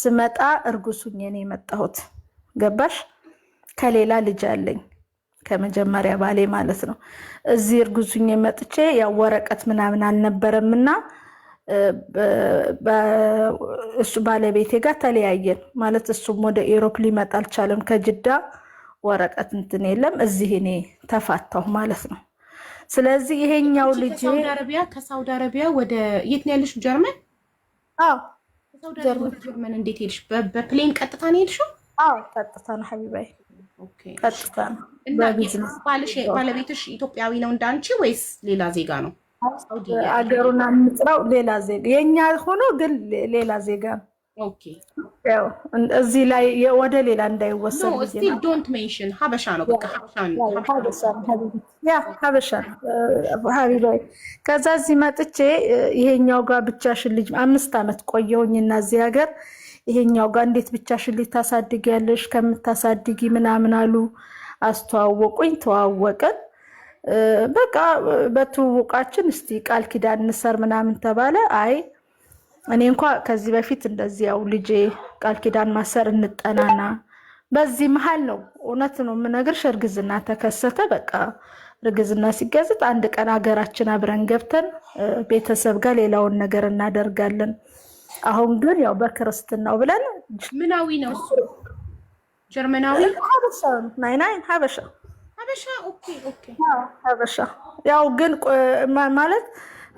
ስመጣ እርጉሱኝ እኔ የመጣሁት ገባሽ? ከሌላ ልጅ አለኝ ከመጀመሪያ ባሌ ማለት ነው። እዚህ እርጉዙኝ መጥቼ ያው ወረቀት ምናምን አልነበረም እና እሱ ባለቤቴ ጋር ተለያየን ማለት እሱም ወደ ኢሮፕ ሊመጣ አልቻለም። ከጅዳ ወረቀት እንትን የለም እዚህ እኔ ተፋታሁ ማለት ነው። ስለዚህ ይሄኛው ልጅ ከሳውዲ አረቢያ ወደ የት ነው ያለሽ? ጀርመን? አዎ ጀርመን እንዴት ሄድሽ? በፕሌን ቀጥታ ነው ሄድሽው? አዎ ቀጥታ ነው ቀጥታ ነው። ባለቤትሽ ኢትዮጵያዊ ነው እንዳንቺ ወይስ ሌላ ዜጋ ነው? አገሩን አምጥራው ሌላ ዜጋ የእኛ ሆኖ ግን ሌላ ዜጋ ነው። እዚህ ላይ ወደ ሌላ እንዳይወሰድ ዶንት ሀበሻ ነው። በቃ ሀበሻ ከዛ እዚህ መጥቼ ይሄኛው ጋር ብቻሽን ልጅ አምስት ዓመት ቆየሁኝና እዚህ ሀገር ይሄኛው ጋር እንዴት ብቻሽን ልጅ ታሳድጊያለሽ ከምታሳድጊ ምናምን አሉ። አስተዋወቁኝ፣ ተዋወቅን። በቃ በትውውቃችን እስቲ ቃል ኪዳን እንሰር ምናምን ተባለ። አይ እኔ እንኳ ከዚህ በፊት ያው ልጄ ቃል ኪዳን ማሰር እንጠናና በዚህ መሀል ነው እውነት ነው የምነግርሽ፣ እርግዝና ተከሰተ። በቃ እርግዝና ሲገዝት አንድ ቀን ሀገራችን አብረን ገብተን ቤተሰብ ጋር ሌላውን ነገር እናደርጋለን። አሁን ግን ያው በክርስትናው ብለን ምናዊ ነው ጀርመናዊ ናይናይን ሀበሻ ሀበሻ ያው ግን ማለት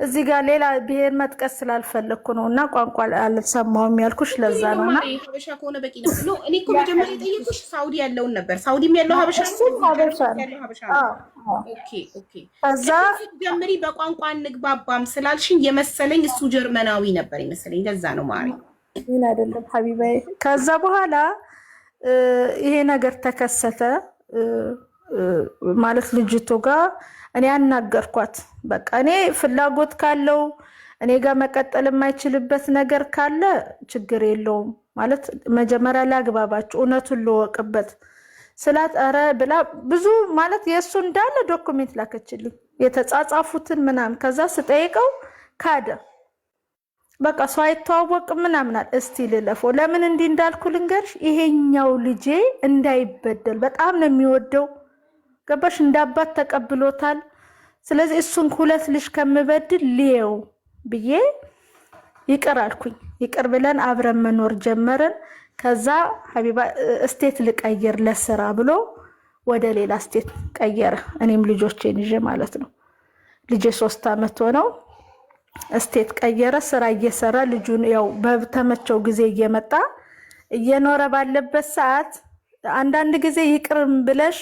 እዚህ ጋር ሌላ ብሄር መጥቀስ ስላልፈለግኩ ነው እና ቋንቋ አልሰማሁም ያልኩሽ ለዛ ነው። እና ሀበሻ ከሆነ በቂ ነው። እኔ እኮ መጀመሪያ የጠየኩሽ ሳውዲ ያለውን ነበር። ሳውዲም ያለው ሀበሻ ከዛ ጀምሪ በቋንቋ እንግባባም ስላልሽኝ የመሰለኝ እሱ ጀርመናዊ ነበር የመሰለኝ። ለዛ ነው ማሪ ምን አይደለም ሀቢባዬ። ከዛ በኋላ ይሄ ነገር ተከሰተ። ማለት ልጅቶ ጋር እኔ አናገርኳት። በቃ እኔ ፍላጎት ካለው እኔ ጋር መቀጠል የማይችልበት ነገር ካለ ችግር የለውም ማለት መጀመሪያ ላግባባችሁ፣ እውነቱን ልወቅበት ስላት ኧረ ብላ ብዙ ማለት የእሱ እንዳለ ዶኩሜንት ላከችልኝ የተጻጻፉትን ምናምን። ከዛ ስጠይቀው ካደ። በቃ ሰው አይተዋወቅም ምናምናል። እስቲ ልለፎ። ለምን እንዲህ እንዳልኩ ልንገርሽ፣ ይሄኛው ልጄ እንዳይበደል በጣም ነው የሚወደው ገባሽ? እንደ አባት ተቀብሎታል። ስለዚህ እሱን ሁለት ልጅ ከምበድል ልየው ብዬ ይቅር አልኩኝ። ይቅር ብለን አብረን መኖር ጀመርን። ከዛ ሀቢባ እስቴት ልቀይር ለስራ ብሎ ወደ ሌላ እስቴት ቀየረ። እኔም ልጆቼን ይዤ ማለት ነው። ልጄ ሶስት ዓመት ሆነው እስቴት ቀየረ። ስራ እየሰራ ልጁን ያው በተመቸው ጊዜ እየመጣ እየኖረ ባለበት ሰዓት አንዳንድ ጊዜ ይቅርም ብለሽ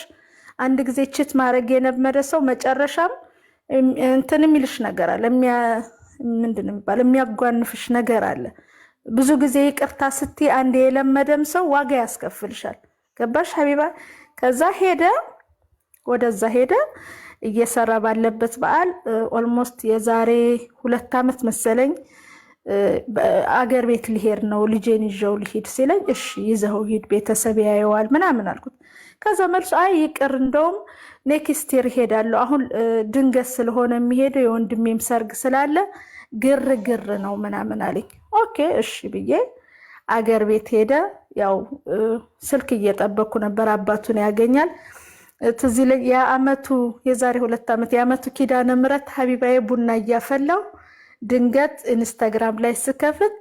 አንድ ጊዜ ችት ማድረግ የለመደ ሰው መጨረሻም እንትን የሚልሽ ነገር አለ። ምንድን ነው የሚባለው? የሚያጓንፍሽ ነገር አለ። ብዙ ጊዜ ይቅርታ ስቲ አንድ የለመደም ሰው ዋጋ ያስከፍልሻል። ገባሽ ሀቢባ? ከዛ ሄደ ወደዛ ሄደ እየሰራ ባለበት በዓል ኦልሞስት የዛሬ ሁለት ዓመት መሰለኝ አገር ቤት ሊሄድ ነው ልጄን ይዣው ሊሄድ ሲለኝ፣ እሺ ይዘው ሂድ ቤተሰብ ያየዋል ምናምን አልኩት። ከዛ መልሶ አይ ይቅር፣ እንደውም ኔክስት ይር እሄዳለሁ። አሁን ድንገት ስለሆነ የሚሄደው የወንድሜም ሰርግ ስላለ ግር ግር ነው ምናምን አለኝ። ኦኬ እሺ ብዬ አገር ቤት ሄደ። ያው ስልክ እየጠበኩ ነበር፣ አባቱን ያገኛል። ትዚ ይለኝ የአመቱ የዛሬ ሁለት ዓመት የአመቱ ኪዳነ ምሕረት ሀቢባዬ ቡና እያፈላው ድንገት ኢንስታግራም ላይ ስከፍት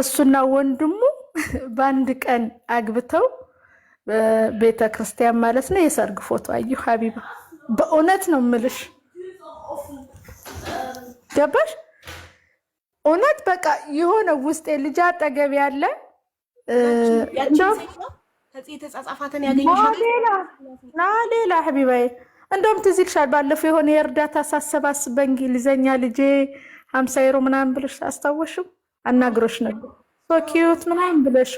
እሱና ወንድሙ በአንድ ቀን አግብተው ቤተ ክርስቲያን ማለት ነው የሰርግ ፎቶ አየሁ። ሀቢባ በእውነት ነው ምልሽ፣ ገባሽ? እውነት በቃ የሆነ ውስጤ ልጅ አጠገብ ያለ ሌላ ሀቢባዬ እንደውም ትዝ ይልሻል፣ ባለፈው የሆነ የእርዳታ ሳሰባስብ በእንግሊዘኛ ልጄ ሀምሳ ዩሮ ምናምን ብለሽ አስታወሽው አናግሮሽ ነበር ሶኪዩት ምናምን ብለሽ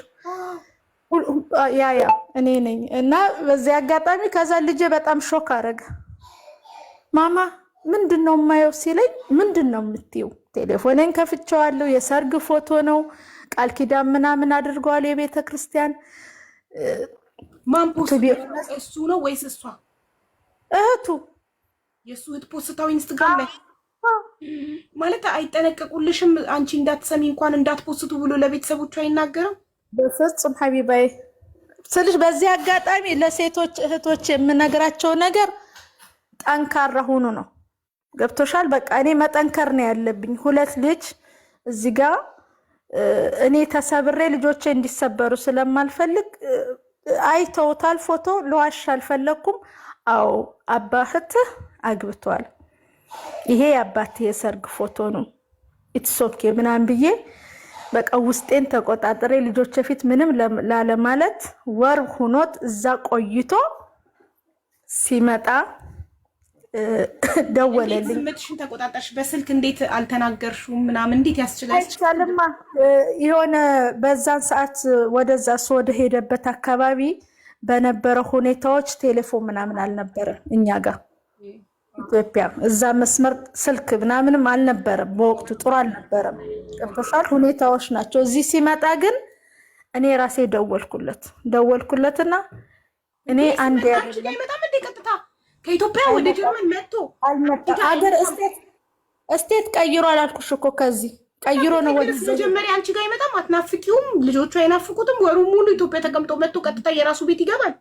ያ ያ እኔ ነኝ። እና በዚህ አጋጣሚ ከዛ ልጄ በጣም ሾክ አረገ። ማማ ምንድን ነው የማየው ሲለኝ፣ ምንድን ነው የምትይው? ቴሌፎኔን ከፍቼዋለሁ። የሰርግ ፎቶ ነው። ቃል ኪዳን ምናምን አድርገዋል። የቤተ ክርስቲያን ማን እሱ ነው ወይስ እሷ? እህቱ የእሱ እህት ፖስታው ኢንስትግራም ላይ ማለት አይጠነቀቁልሽም? አንቺ እንዳትሰሚ እንኳን እንዳትፖስቱ ብሎ ለቤተሰቦቹ አይናገርም? በፍጹም ሀቢባዬ ስልሽ፣ በዚህ አጋጣሚ ለሴቶች እህቶች የምነግራቸው ነገር ጠንካራ ሁኑ ነው። ገብቶሻል? በቃ እኔ መጠንከር ነው ያለብኝ። ሁለት ልጅ እዚህ ጋ እኔ ተሰብሬ ልጆቼ እንዲሰበሩ ስለማልፈልግ አይተውታል። ፎቶ ለዋሽ አልፈለግኩም። አዎ አባህትህ አግብቷል ይሄ የአባት የሰርግ ፎቶ ነው ኢትሶኬ ምናምን ብዬ በቃ ውስጤን ተቆጣጥሬ ልጆች ፊት ምንም ላለማለት ወር ሁኖት እዛ ቆይቶ ሲመጣ ደወለልኝ። ምትሽን ተቆጣጠርሽ? በስልክ እንዴት አልተናገርሽም? ምናምን እንዴት ያስችላል? አይቻልማ። የሆነ በዛን ሰዓት ወደዛ እሱ ወደ ሄደበት አካባቢ በነበረ ሁኔታዎች ቴሌፎን ምናምን አልነበረ እኛ ጋር ኢትዮጵያ እዛ መስመር ስልክ ምናምንም አልነበረም፣ በወቅቱ ጥሩ አልነበረም። ገብቶሻል? ሁኔታዎች ናቸው። እዚህ ሲመጣ ግን እኔ ራሴ ደወልኩለት ደወልኩለትና እኔ አንድ ቀጥታ ከኢትዮጵያ ወደ ጀርመን መጥቶ አገር እስቴት ቀይሮ አላልኩሽ እኮ ከዚህ ቀይሮ ነው ወደ መጀመሪያ አንቺ ጋር ይመጣም። አትናፍቂውም፣ ልጆቹ አይናፍቁትም። ወሩ ሙሉ ኢትዮጵያ ተቀምጦ መጥቶ ቀጥታ የራሱ ቤት ይገባል።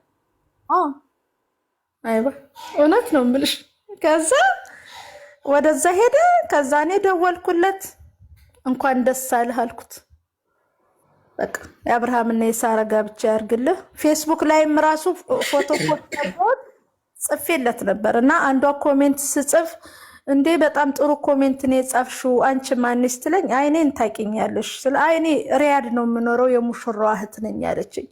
አይባ እውነት ነው የምልሽ ከዛ ወደዛ ሄደ። ከዛ እኔ ደወልኩለት እንኳን ደስ አለህ አልኩት። በቃ የአብርሃምና የሳራ ጋብቻ ያርግልህ። ፌስቡክ ላይም ራሱ ፎቶ ፎቶን ጽፌለት ነበር እና አንዷ ኮሜንት ስጽፍ እንዴ በጣም ጥሩ ኮሜንት ነው የጻፍሽው፣ አንቺ ማንሽ ትለኝ። አይኔን ታቂኛለሽ ስለ አይኔ ሪያድ ነው የምኖረው የሙሽራዋ እህት ነኝ ያለችኝ።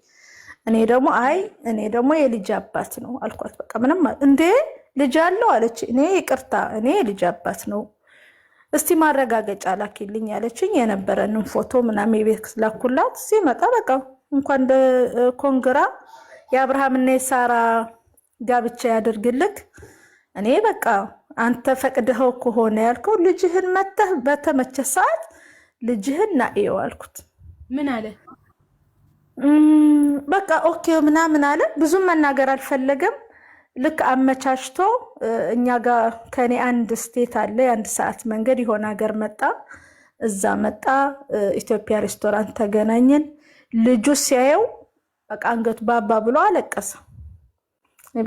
እኔ ደግሞ አይ እኔ ደግሞ የልጅ አባት ነው አልኳት። በቃ ምንም እንዴ ልጅ አለው አለች። እኔ ይቅርታ እኔ ልጅ አባት ነው እስቲ ማረጋገጫ ላኪልኝ አለችኝ። የነበረንን ፎቶ ምናምን የቤት ላኩላት። ሲመጣ በቃ እንኳን ኮንግራ የአብርሃምና የሳራ ጋብቻ ያደርግልክ። እኔ በቃ አንተ ፈቅድኸው ከሆነ ያልከው ልጅህን መተህ በተመቸ ሰዓት ልጅህን ናእየው አልኩት። ምን አለ? በቃ ኦኬ ምናምን አለ። ብዙም መናገር አልፈለገም። ልክ አመቻችቶ እኛ ጋር ከኔ አንድ ስቴት አለ፣ የአንድ ሰዓት መንገድ የሆነ ሀገር መጣ። እዛ መጣ፣ ኢትዮጵያ ሬስቶራንት ተገናኘን። ልጁ ሲያየው በቃ አንገቱ ባባ ብሎ አለቀሰ።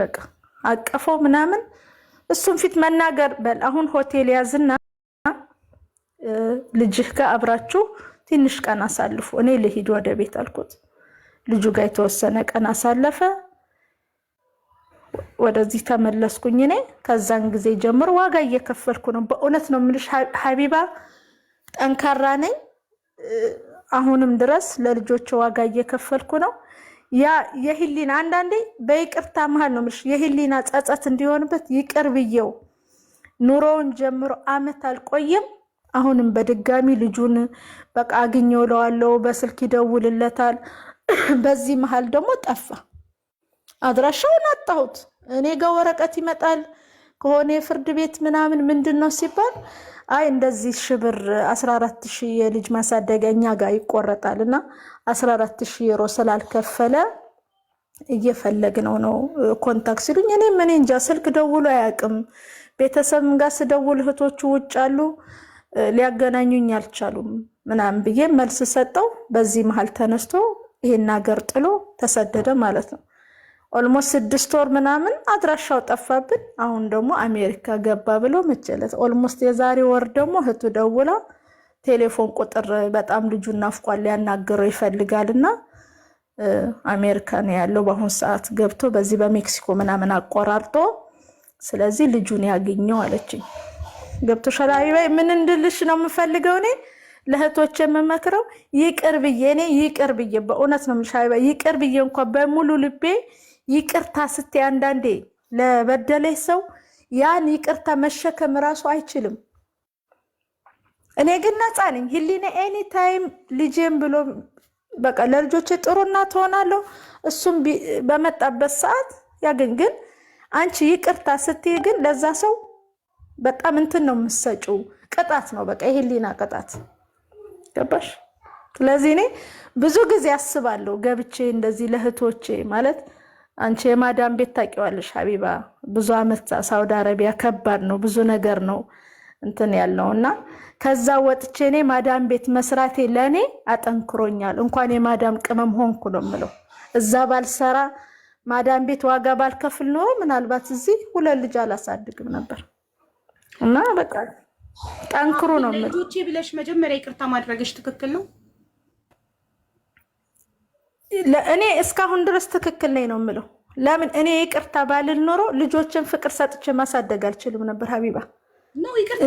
በቃ አቀፈው ምናምን። እሱም ፊት መናገር በል አሁን ሆቴል ያዝና ልጅህ ጋር አብራችሁ ትንሽ ቀን አሳልፉ፣ እኔ ልሂድ ወደ ቤት አልኩት። ልጁ ጋር የተወሰነ ቀን አሳለፈ። ወደዚህ ተመለስኩኝ። እኔ ከዛን ጊዜ ጀምሮ ዋጋ እየከፈልኩ ነው። በእውነት ነው የምልሽ ሀቢባ፣ ጠንካራ ነኝ። አሁንም ድረስ ለልጆች ዋጋ እየከፈልኩ ነው። ያ የህሊና አንዳንዴ በይቅርታ መሀል ነው የምልሽ የህሊና ጸጸት እንዲሆንበት ይቅር ብየው ኑሮውን ጀምሮ አመት አልቆየም። አሁንም በድጋሚ ልጁን በቃ አግኘው ለዋለው በስልክ ይደውልለታል። በዚህ መሀል ደግሞ ጠፋ። አድራሻውን አጣሁት። እኔ ጋ ወረቀት ይመጣል ከሆነ የፍርድ ቤት ምናምን ምንድን ነው ሲባል አይ እንደዚህ ሺህ ብር 14 ሺህ የልጅ ማሳደጊያ እኛ ጋር ይቆረጣል እና 14 ሺህ ዩሮ ስላልከፈለ እየፈለግነው ነው ኮንታክት ሲሉኝ፣ እኔም እኔ እንጃ ስልክ ደውሎ አያውቅም። ቤተሰብ ጋር ስደውል እህቶቹ ውጭ አሉ ሊያገናኙኝ አልቻሉም ምናምን ብዬ መልስ ሰጠው። በዚህ መሀል ተነስቶ ይሄን ሀገር ጥሎ ተሰደደ ማለት ነው። ኦልሞስት ስድስት ወር ምናምን አድራሻው ጠፋብን። አሁን ደግሞ አሜሪካ ገባ ብሎ መቸለት ኦልሞስት የዛሬ ወር ደግሞ እህቱ ደውላ ቴሌፎን ቁጥር በጣም ልጁ እናፍቋል ሊያናግረው ይፈልጋል እና አሜሪካ ነው ያለው በአሁን ሰዓት ገብቶ በዚህ በሜክሲኮ ምናምን አቆራርጦ ስለዚህ ልጁን ያገኘው አለችኝ። ገብቶ ሸራዊ ወይ ምን እንድልሽ ነው የምፈልገው እኔ ለእህቶች የምመክረው ይቅር ብዬ እኔ ይቅር ብዬ በእውነት ነው ምሻ ይቅር ብዬ እንኳ በሙሉ ልቤ ይቅርታ ስትይ አንዳንዴ ለበደለች ሰው ያን ይቅርታ መሸከም ራሱ አይችልም። እኔ ግን ነፃ ነኝ። ህሊኔ ኤኒ ታይም ልጄም ብሎ በቃ ለልጆቼ ጥሩ እናት ሆናለሁ። እሱም በመጣበት ሰዓት ያገኝ። ግን አንቺ ይቅርታ ስትይ ግን ለዛ ሰው በጣም እንትን ነው የምትሰጪው፣ ቅጣት ነው በቃ የህሊና ቅጣት። ገባሽ? ስለዚህ እኔ ብዙ ጊዜ አስባለሁ ገብቼ እንደዚህ ለእህቶቼ ማለት አንቺ የማዳም ቤት ታውቂዋለሽ ሀቢባ፣ ብዙ አመት ሳውዲ አረቢያ ከባድ ነው፣ ብዙ ነገር ነው እንትን ያለው እና ከዛ ወጥቼ እኔ ማዳም ቤት መስራቴ ለእኔ አጠንክሮኛል። እንኳን የማዳም ቅመም ሆንኩ ነው የምለው። እዛ ባልሰራ ማዳም ቤት ዋጋ ባልከፍል ኖሮ ምናልባት እዚህ ሁለት ልጅ አላሳድግም ነበር እና በቃ ጠንክሩ ነው ብለሽ መጀመሪያ ይቅርታ ማድረግሽ ትክክል ነው። እኔ እስካሁን ድረስ ትክክል ነኝ ነው የምለው። ለምን እኔ ይቅርታ ባልል ኖሮ ልጆችን ፍቅር ሰጥቼ ማሳደግ አልችልም ነበር። ሀቢባ ነው ይቅርታ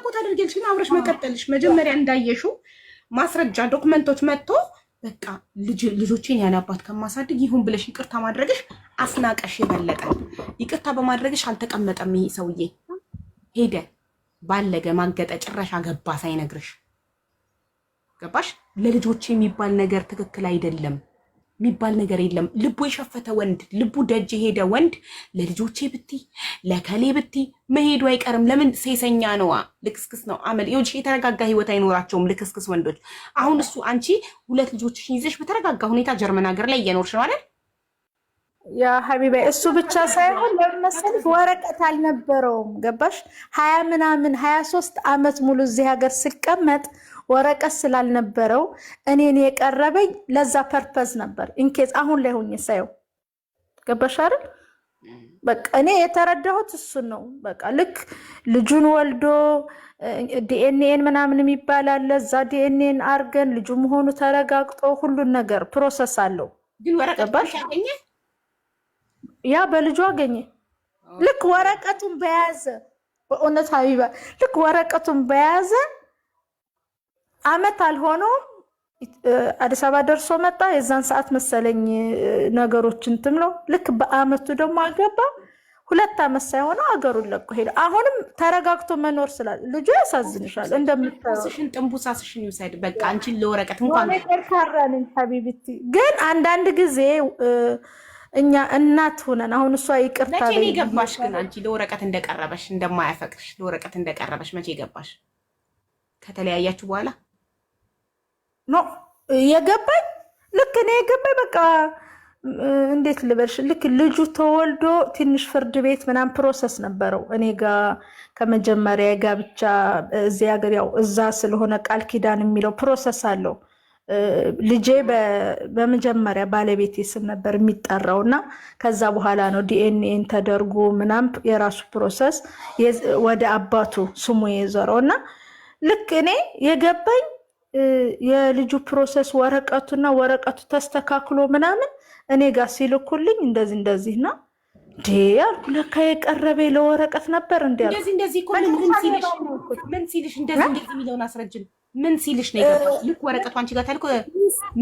እኮ ታደርጊያለሽ፣ ግን አብረሽ መቀጠልሽ መጀመሪያ እንዳየሽው ማስረጃ ዶክመንቶች መጥቶ በቃ ልጆቼን ያለ አባት ከማሳድግ ይሁን ብለሽ ይቅርታ ማድረግሽ አስናቀሽ የበለጠ ይቅርታ በማድረግሽ አልተቀመጠም። ይሄ ሰውዬ ሄደ ባለገ ማገጠ ጭራሽ አገባ ሳይነግርሽ ገባሽ? ለልጆች የሚባል ነገር ትክክል አይደለም የሚባል ነገር የለም። ልቡ የሸፈተ ወንድ፣ ልቡ ደጅ የሄደ ወንድ ለልጆቼ ብቲ ለከሌ ብቲ መሄዱ አይቀርም። ለምን ሴሰኛ ነዋ፣ ልክስክስ ነው አመል ይኸውልሽ፣ የተረጋጋ ህይወት አይኖራቸውም ልክስክስ ወንዶች። አሁን እሱ አንቺ ሁለት ልጆችሽን ይዘሽ በተረጋጋ ሁኔታ ጀርመን ሀገር ላይ እየኖርሽ ነው አይደል? ያ ሀቢባ እሱ ብቻ ሳይሆን ለምን መሰለሽ ወረቀት አልነበረውም ገባሽ? ሀያ ምናምን ሀያ ሶስት አመት ሙሉ እዚህ ሀገር ስቀመጥ ወረቀት ስላልነበረው እኔን የቀረበኝ ለዛ ፐርፐዝ ነበር። ኢንኬዝ አሁን ላይ ሆኜ ሳየው ገባሽ አይደል? በቃ እኔ የተረዳሁት እሱን ነው። በቃ ልክ ልጁን ወልዶ ዲኤንኤን ምናምን የሚባል አለ። እዛ ዲኤንኤን አርገን ልጁ መሆኑ ተረጋግጦ ሁሉን ነገር ፕሮሰስ አለው። ያ በልጁ አገኘ። ልክ ወረቀቱን በያዘ በእውነት ሀቢባ ልክ ወረቀቱን በያዘ አመት አልሆነውም አዲስ አበባ ደርሶ መጣ። የዛን ሰዓት መሰለኝ ነገሮችን እንትን ነው። ልክ በአመቱ ደግሞ አገባ። ሁለት አመት ሳይሆነው አገሩን ለቆ ሄደ። አሁንም ተረጋግቶ መኖር ስላለ ልጁ ያሳዝንሻል። እንደምታሽን ጥንቡሳስሽን ይውሰድ። በቃ አንቺን ለወረቀት እንኳን ጠርካራንን ሀቢብቲ ግን አንዳንድ ጊዜ እኛ እናት ሆነን አሁን እሷ ይቅርታ መቼ ገባሽ? ግን አንቺ ለወረቀት እንደቀረበሽ እንደማያፈቅርሽ ለወረቀት እንደቀረበሽ መቼ ገባሽ? ከተለያያችሁ በኋላ ኖ የገባኝ ልክ እኔ የገባኝ በቃ እንዴት ልበልሽ፣ ልክ ልጁ ተወልዶ ትንሽ ፍርድ ቤት ምናምን ፕሮሰስ ነበረው። እኔ ጋ ከመጀመሪያ ጋ ብቻ እዚህ ሀገር ያው እዛ ስለሆነ ቃል ኪዳን የሚለው ፕሮሰስ አለው። ልጄ በመጀመሪያ ባለቤቴ ስም ነበር የሚጠራው እና ከዛ በኋላ ነው ዲኤንኤን ተደርጎ ምናም የራሱ ፕሮሰስ ወደ አባቱ ስሙ የዞረው እና ልክ እኔ የገባኝ የልጁ ፕሮሰስ ወረቀቱና ወረቀቱ ተስተካክሎ ምናምን እኔ ጋር ሲልኩልኝ እንደዚህ እንደዚህ ና እንዴ አልኩ። ለካ የቀረበ ለወረቀት ነበር እንዲ ምን ሲልሽ እንደዚህ እንደዚህ የሚለውን አስረጅን ምን ሲልሽ ነው የገባሽ? ልክ ወረቀቱ አንቺ ጋር ታልኩ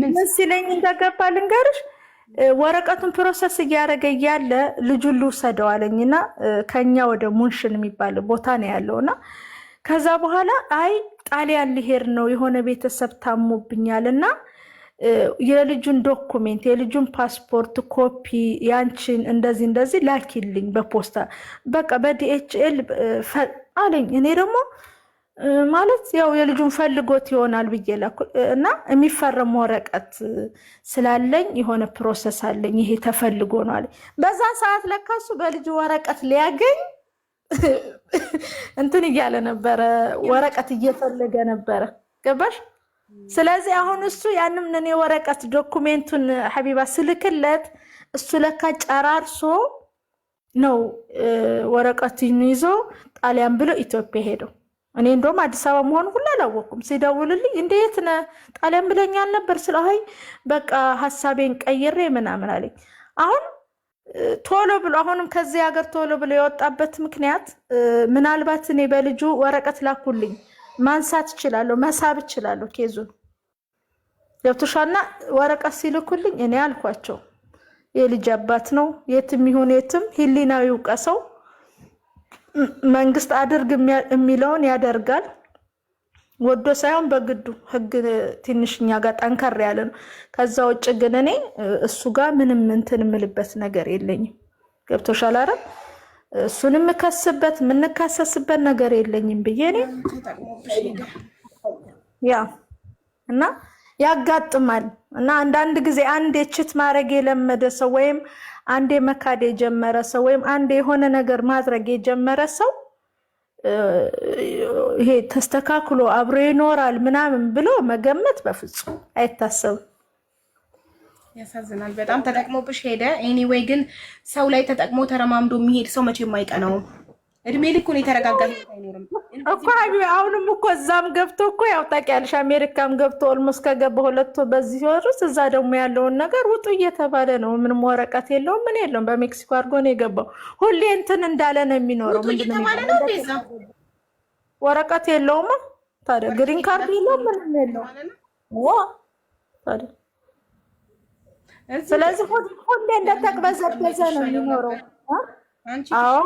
ምን ሲለኝ እንደገባ ልንገርሽ። ወረቀቱን ፕሮሰስ እያደረገ እያለ ልጁን ልውሰደው አለኝና ከኛ ወደ ሙንሽን የሚባል ቦታ ነው ያለውና ከዛ በኋላ አይ ጣሊያን ሊሄድ ነው የሆነ ቤተሰብ ታሞብኛል እና የልጁን ዶኩሜንት የልጁን ፓስፖርት ኮፒ ያንቺን እንደዚህ እንደዚህ ላኪልኝ በፖስታ በቃ በዲኤችኤል አለኝ። እኔ ደግሞ ማለት ያው የልጁን ፈልጎት ይሆናል ብዬ ላኩ እና የሚፈረም ወረቀት ስላለኝ የሆነ ፕሮሰስ አለኝ፣ ይሄ ተፈልጎ ነው አለኝ። በዛ ሰዓት ለካሱ በልጁ ወረቀት ሊያገኝ እንትን እያለ ነበረ፣ ወረቀት እየፈለገ ነበረ። ገባሽ? ስለዚህ አሁን እሱ ያንም እኔ ወረቀት ዶኩሜንቱን ሀቢባ ስልክለት እሱ ለካ ጨራርሶ ነው ወረቀቱን ይዞ ጣሊያን ብሎ ኢትዮጵያ ሄደው። እኔ እንደውም አዲስ አበባ መሆኑ ሁሉ አላወቅኩም። ሲደውልልኝ እንዴት ነህ ጣሊያን ብለኛል ነበር ስለ በቃ ሀሳቤን ቀይሬ ምናምን አለኝ። አሁን ቶሎ ብሎ አሁንም ከዚህ ሀገር ቶሎ ብሎ የወጣበት ምክንያት ምናልባት እኔ በልጁ ወረቀት ላኩልኝ ማንሳት እችላለሁ፣ መሳብ እችላለሁ። ኬዙን ገብቶሻና ወረቀት ሲልኩልኝ እኔ አልኳቸው የልጅ አባት ነው። የትም ይሁን የትም ህሊናዊ እውቀ ሰው መንግስት አድርግ የሚለውን ያደርጋል። ወዶ ሳይሆን በግዱ ህግ ትንሽ እኛ ጋር ጠንከር ያለ ነው። ከዛ ውጭ ግን እኔ እሱ ጋር ምንም እንትን የምልበት ነገር የለኝም። ገብቶሻል አይደል? እሱን የምከስበት የምንካሰስበት ነገር የለኝም ብዬ እኔ ያ እና ያጋጥማል እና አንዳንድ ጊዜ አንዴ ችት ማድረግ የለመደ ሰው ወይም አንዴ መካድ የጀመረ ሰው ወይም አንዴ የሆነ ነገር ማድረግ የጀመረ ሰው ይሄ ተስተካክሎ አብሮ ይኖራል ምናምን ብሎ መገመት በፍጹም አይታሰብም። ያሳዝናል። በጣም ተጠቅሞብሽ ሄደ። ኤኒዌይ ግን ሰው ላይ ተጠቅሞ ተረማምዶ የሚሄድ ሰው መቼም አይቀናውም። እድሜ ልክ ነው የተረጋጋ አይኖርም እኮ አሁንም እኮ እዛም ገብቶ እኮ ያው ታውቂያለሽ፣ አሜሪካም ገብቶ ኦልሞስ ከገባ ሁለት በዚህ ወር ውስጥ እዛ ደግሞ ያለውን ነገር ውጡ እየተባለ ነው። ምንም ወረቀት የለውም ምን የለውም። በሜክሲኮ አድርጎ ነው የገባው። ሁሌ እንትን እንዳለ ነው የሚኖረው። ወረቀት የለውም ታዲያ፣ ግሪን ካርድ የለውም ምንም የለውም ስለዚህ ሁሌ እንደተቅበዘበዘ ነው የሚኖረው። አዎ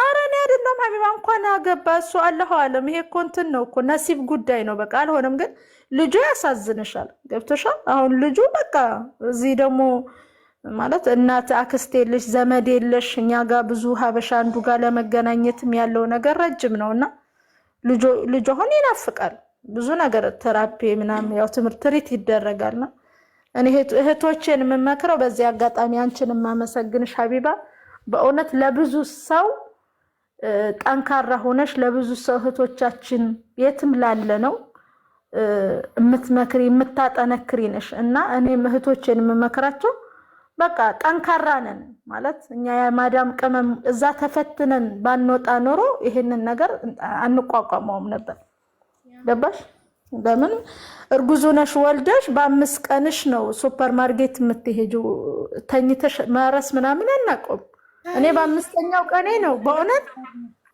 አረ እኔ አይደለም ሀቢባ እንኳን አገባ እሱ አለሁ አለም። ይሄ እኮ እንትን ነው እኮ ነሲብ ጉዳይ ነው። በቃ አልሆነም፣ ግን ልጁ ያሳዝንሻል። ገብቶሻል? አሁን ልጁ በቃ እዚህ ደግሞ ማለት እናት አክስት የለሽ ዘመድ የለሽ። እኛ ጋር ብዙ ሀበሻ አንዱ ጋር ለመገናኘትም ያለው ነገር ረጅም ነው እና ልጁ አሁን ይናፍቃል። ብዙ ነገር ተራፒ ምናምን ያው ትምህርት ትሪት ይደረጋልና እኔ እህቶቼን የምመክረው በዚህ አጋጣሚ አንቺን የማመሰግንሽ ሀቢባ በእውነት ለብዙ ሰው ጠንካራ ሆነሽ ለብዙ ሰው እህቶቻችን የትም ላለ ነው የምትመክሪ የምታጠነክሪ ነሽ እና እኔም እህቶችን የምመክራቸው በቃ ጠንካራ ነን ማለት እኛ የማዳም ቅመም እዛ ተፈትነን ባንወጣ ኖሮ ይሄንን ነገር አንቋቋመውም ነበር። ገባሽ? ለምን እርጉዝ ነሽ ወልደሽ በአምስት ቀንሽ ነው ሱፐር ማርኬት የምትሄጂው። ተኝተሽ መረስ ምናምን አናቆም። እኔ በአምስተኛው ቀኔ ነው በእውነት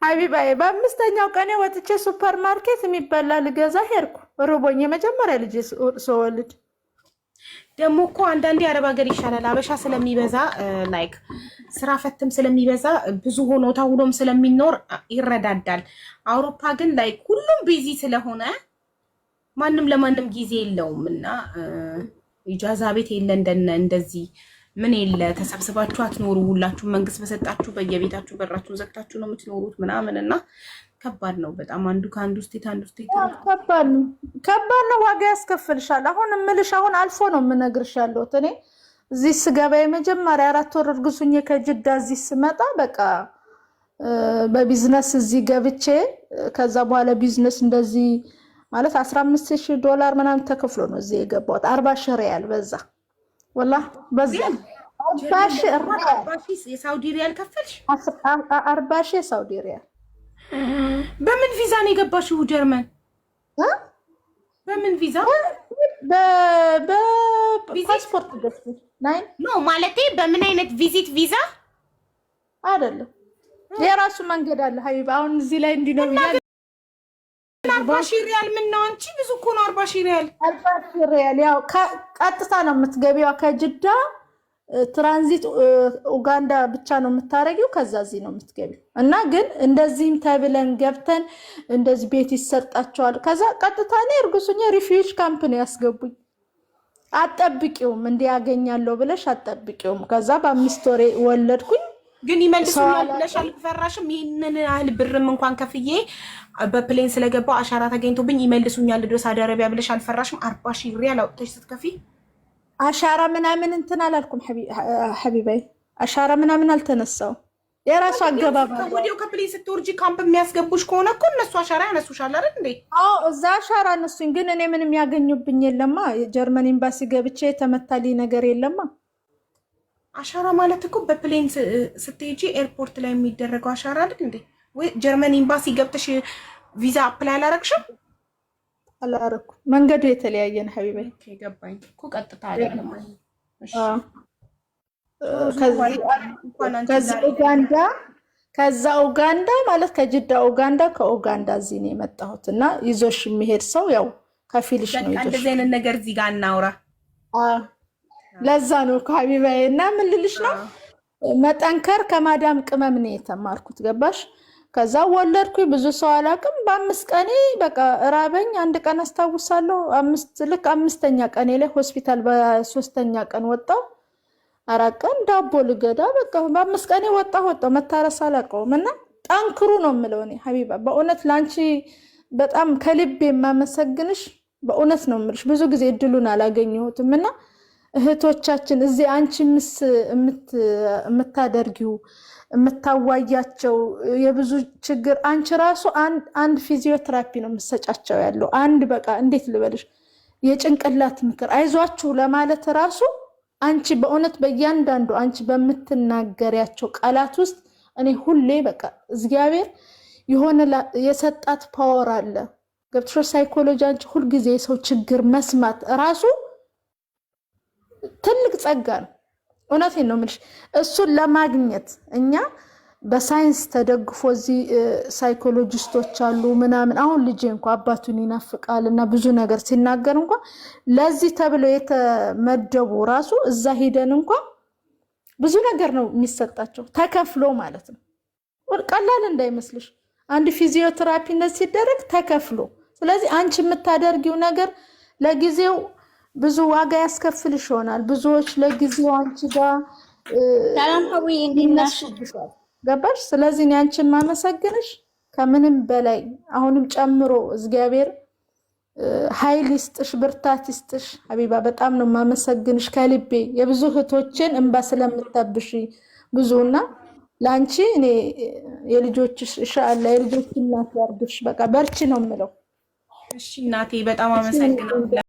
ሀቢባዬ በአምስተኛው ቀኔ ወጥቼ ሱፐር ማርኬት የሚበላ ልገዛ ሄድኩ። ርቦኝ የመጀመሪያ ልጅ ስወልድ ደግሞ እኮ አንዳንዴ አረብ ሀገር ይሻላል። አበሻ ስለሚበዛ ላይክ ስራ ፈትም ስለሚበዛ ብዙ ሆኖ ተውሎም ስለሚኖር ይረዳዳል። አውሮፓ ግን ላይክ ሁሉም ቢዚ ስለሆነ ማንም ለማንም ጊዜ የለውም እና ኢጃዛ ቤት የለ እንደዚህ ምን የለ ተሰብስባችሁ አትኖሩ። ሁላችሁ መንግስት በሰጣችሁ በየቤታችሁ በራችሁን ዘግታችሁ ነው የምትኖሩት ምናምን እና ከባድ ነው በጣም አንዱ ከአንዱ ስቴት አንዱ ስቴት ከባድ ነው፣ ከባድ ነው። ዋጋ ያስከፍልሻል። አሁን እምልሽ አሁን አልፎ ነው የምነግርሽ ያለሁት እኔ እዚህ ስገባ የመጀመሪያ አራት ወር እርግሱኝ ከጅዳ እዚህ ስመጣ በቃ በቢዝነስ እዚህ ገብቼ ከዛ በኋላ ቢዝነስ እንደዚህ ማለት አስራ አምስት ሺህ ዶላር ምናምን ተከፍሎ ነው እዚህ የገባሁት አርባ ሺህ ሪያል በዛ ወላ በዚህ የሳውዲ ሪያል ከፈልሽ? አርባ ሺህ የሳውዲ ሪያል። በምን ቪዛ ነው የገባሽው ጀርመን? በምን ቪዛ? በፓስፖርት ገዝተሽ ነው ማለቴ። በምን አይነት ቪዚት ቪዛ አይደለም። የራሱ መንገድ አለ ሀቢብ። አሁን እዚህ ላይ እንዲህ ነው ብያለሁ አርባ ሺህ ሪያል ነው አንቺ ብዙ እኮ ነው። አርባ ሺህ ሪያል አርባ ሺህ ሪያል ያው ቀጥታ ነው የምትገቢዋ ከጅዳ ትራንዚት ኡጋንዳ ብቻ ነው የምታደረጊው፣ ከዛ እዚህ ነው የምትገቢው እና ግን እንደዚህም ተብለን ገብተን እንደዚህ ቤት ይሰጣቸዋል። ከዛ ቀጥታ እኔ እርጉሱኛ ሪፊዩጅ ካምፕ ነው ያስገቡኝ። አጠብቂውም እንዲ ያገኛለሁ ብለሽ አጠብቂውም። ከዛ በአምስት ወሬ ወለድኩኝ። ግን ይመልሱኛል ብለሽ አልፈራሽም? ይህንን ያህል ብርም እንኳን ከፍዬ በፕሌን ስለገባው አሻራ ተገኝቶብኝ ይመልሱኛል ድረስ ሳውዲ አረቢያ ብለሽ አልፈራሽም? አርባ ሺህ ሪያል አውጥተሽ ስትከፊ አሻራ ምናምን እንትን አላልኩም ሐቢባይ አሻራ ምናምን አልተነሳው። የራሱ አገባብ ወዲያው ከፕሌን ስትወርጂ ካምፕ የሚያስገቡሽ ከሆነ እኮ እነሱ አሻራ ያነሱሻል አይደል እንዴ? አዎ እዛ አሻራ አነሱኝ። ግን እኔ ምንም ያገኙብኝ የለማ። ጀርመን ኤምባሲ ገብቼ የተመታልኝ ነገር የለማ አሻራ ማለት እኮ በፕሌን ስትሄጂ ኤርፖርት ላይ የሚደረገው አሻራ አይደል እንዴ? ወይ ጀርመን ኤምባሲ ገብተሽ ቪዛ አፕላይ አላረግሽም? አላረኩ። መንገዱ የተለያየ ነው ሀቢበ። ገባኝ እኮ ቀጥታ ከዛ ኡጋንዳ ከዛ ኡጋንዳ ማለት ከጅዳ ኡጋንዳ ከኡጋንዳ እዚህ ነው የመጣሁት እና ይዞሽ የሚሄድ ሰው ያው ከፊልሽ ነው። እንደዚህ አይነት ነገር እዚህ ጋር እናውራ ለዛ ነው ከሀቢባዬ እና ምን ልልሽ ነው መጠንከር ከማዳም ቅመም ነው የተማርኩት። ገባሽ? ከዛ ወለድኩ። ብዙ ሰው አላውቅም። በአምስት ቀኔ በቃ እራበኝ። አንድ ቀን አስታውሳለሁ። ልክ አምስተኛ ቀኔ ላይ ሆስፒታል በሶስተኛ ቀን ወጣው። አራት ቀን ዳቦ ልገዳ በቃ በአምስት ቀኔ ወጣ ወጣው። መታረስ አላውቀውም። እና ጠንክሩ ነው የምለው እኔ ሀቢባ፣ በእውነት ለአንቺ በጣም ከልቤ የማመሰግንሽ በእውነት ነው የምልሽ። ብዙ ጊዜ እድሉን አላገኘሁትም እና እህቶቻችን እዚህ አንቺ ምስ የምታደርጊው የምታዋያቸው የብዙ ችግር አንቺ ራሱ አንድ ፊዚዮትራፒ ነው የምሰጫቸው ያለው አንድ በቃ እንዴት ልበልሽ የጭንቅላት ምክር አይዟችሁ ለማለት ራሱ አንቺ በእውነት በእያንዳንዱ አንቺ በምትናገሪያቸው ቃላት ውስጥ እኔ ሁሌ በቃ እግዚአብሔር የሆነ የሰጣት ፓወር አለ ገብቶሻል። ሳይኮሎጂ አንቺ ሁልጊዜ የሰው ችግር መስማት ራሱ ትልቅ ጸጋ ነው። እውነቴን ነው የምልሽ። እሱን ለማግኘት እኛ በሳይንስ ተደግፎ እዚህ ሳይኮሎጂስቶች አሉ ምናምን። አሁን ልጄ እንኳ አባቱን ይናፍቃል እና ብዙ ነገር ሲናገር እንኳ ለዚህ ተብሎ የተመደቡ ራሱ እዛ ሂደን እንኳ ብዙ ነገር ነው የሚሰጣቸው ተከፍሎ ማለት ነው። ቀላል እንዳይመስልሽ አንድ ፊዚዮቴራፒነት ሲደረግ ተከፍሎ። ስለዚህ አንቺ የምታደርጊው ነገር ለጊዜው ብዙ ዋጋ ያስከፍልሽ ይሆናል። ብዙዎች ለጊዜው አንቺ ጋር ይነሱብሻል። ገባሽ? ስለዚህ እኔ አንቺን ማመሰግንሽ ከምንም በላይ አሁንም ጨምሮ እግዚአብሔር ኃይል ይስጥሽ፣ ብርታት ይስጥሽ። ሀቢባ በጣም ነው ማመሰግንሽ ከልቤ የብዙ እህቶችን እንባ ስለምታብሽ ብዙና ለአንቺ እኔ የልጆችሽ ኢንሻአላ የልጆች እናት ያርግሽ። በቃ በርቺ ነው የምለው። እሺ እናቴ በጣም አመሰግናለሁ።